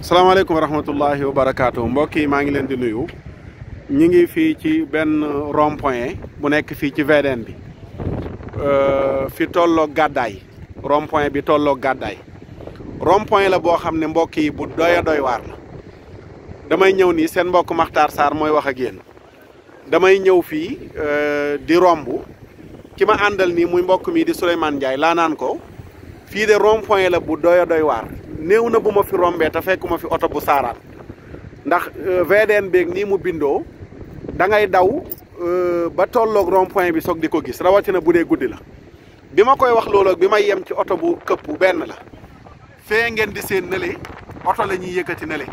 salaamaaleykum wa rahmatullahi wa barakaatu mbokk yi maa ngi leen di nuyu ñi ngi fii ci benn rond-point bu nekk fii ci VDN bi euh, fi tolloo gàddaay rond bi tolloo gàddaay rond la boo xam ne mbokk yi bu doy a doy waar la damay ñëw nii seen mbokk Makhtar Sarr mooy wax a génn damay ñëw fii euh, di romb ki ma àndal nii muy mbokk mi di Souleymane Ndiaye laa naan ko fii de rond-point la bu doy a doy waar néew na bu ma fi rombee te fekkuma fi oto bu saaraan ndax euh, VDN beeg nii mu bindoo da ngay daw euh, ba tolloog rond bi soog di ko gis rawatina bu dee guddi la bi ma koy wax loolu bi may yem ci oto bu këpp benn la fee ngeen di seen nële oto la ñuy yëkkati nële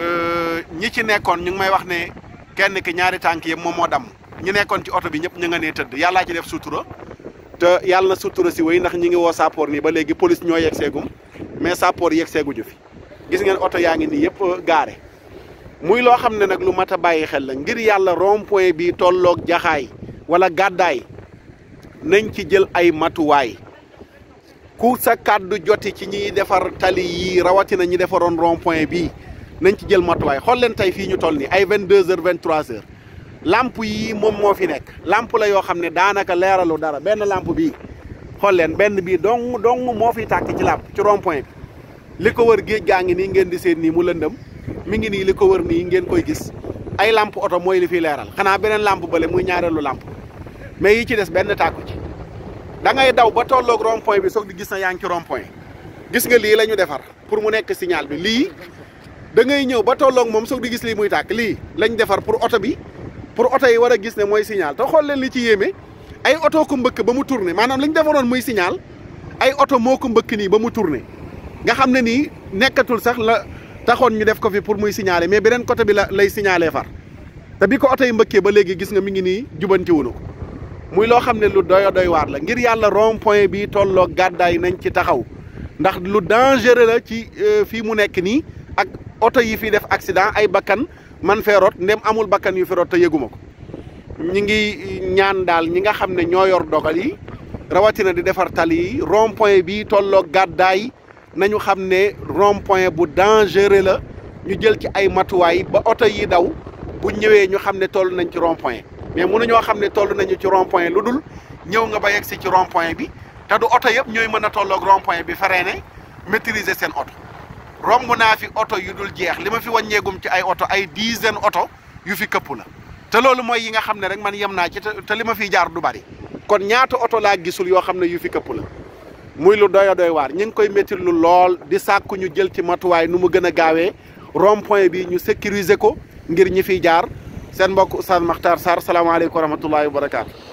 euh, ñi ci nekkoon ñu ngi may wax ne kenn ki ñaari tànk yëpp moom moo damm ñu nekkoon ci oto bi ñëpp ñu nga nee tëdd yàllaa ci def sutura te yàlla na sutura si wéy ndax ñi ngi woo saapoor nii ba léegi police ñoo yegg seegum mais sappoor yeeg seeguñu fi gis ngeen oto yaa ngi nii yëpp gaare muy loo xam ne nag lu mat a bàyyi xel la ngir yàlla rond bii bi tolloog jaxaay wala gàddaay nañ ci jël ay matuwaay ku sa kàddu joti ci ñiy defar tali yii rawatina ñi defaroon rond point bii nañ ci jël matuwaay xool leen tey fii ñu toll nii ay vingt deux heures vingt trois heures lamp yii moom moo fi nekk lamp la yoo xam ne daanaka leeralu dara benn lamp bii xool leen benn bii dong dong moo fi tàkk ci làmp ci rond li ko wër géej gaa ngi nii ngeen di seen nii mu lëndëm mi ngi nii li ko wër nii ngeen koy gis ay làmp oto mooy li fiy leeral xanaa beneen làmp bale muy ñaareelu làmp mais yi ci des benn tàkku ci da ngay daw ba tolloog rond bi soog di gis na yaa ci rond point gis nga lii la ñu defar pour mu nekk signal bi lii da ngay ñëw ba tolloog moom soog di gis lii muy tàkk lii lañ defar pour oto bi pour oto yi war a gis ne mooy signal te xool leen li ci yéeme ay oto ko mbëkk ba mu tourné maanaam lañu ñu defaroon muy signal ay oto moo ko mbëkk nii ba mu tourné nga xam ne nii nekkatul sax la taxoon ñu def ko fi pour muy signaler mais beneen côté bi la lay signaler far te bi ko oto yi mbëkkee ba léegi gis nga mu ngi nii jubanti ko muy loo xam ne lu doy doy waar la ngir yàlla rond point bi tolloo gàddaay nañ ci taxaw ndax lu dangereux la ci euh, fii mu nekk nii ak oto yi fi def accident ay bakkan man fee rot ndem amul bakkan yu fi te yëguma ko ñi ngi ñaan daal ñi nga xam ne ñoo yor dogal yi rawatina di defar tali yi rond bi tolloo gàddaay nañu xam ne rond point bu dangereux la ñu jël ci ay matuwaay ba oto yi daw bu ñëwee ñu xam ne toll nañ ci rond point mais mënuñoo xam ne toll nañu ci rond lu dul ñëw nga ba yegsi ci rond bi te du oto yëpp ñooy mën a tolloog rond bi bi freiné maîtriser seen oto romb naa fi oto yu dul jeex li ma fi wàññeegum ci ay oto ay dizaine oto yu fi këpp la. te loolu mooy yi nga xam ne rek man yem naa ci te li ma fiy jaar du bari kon ñaata oto laa gisul yoo xam ne yu fi këpp la muy lu doy waar ñu ngi koy métti lool di sàkku ñu jël ci matuwaay nu mu gën a gaawee rond bi ñu sécuriser ko ngir ñi fiy jaar seen mbokk Oustaz Makhtar Sarr salaamaaleykum wa rahmatullahi wa barakaatu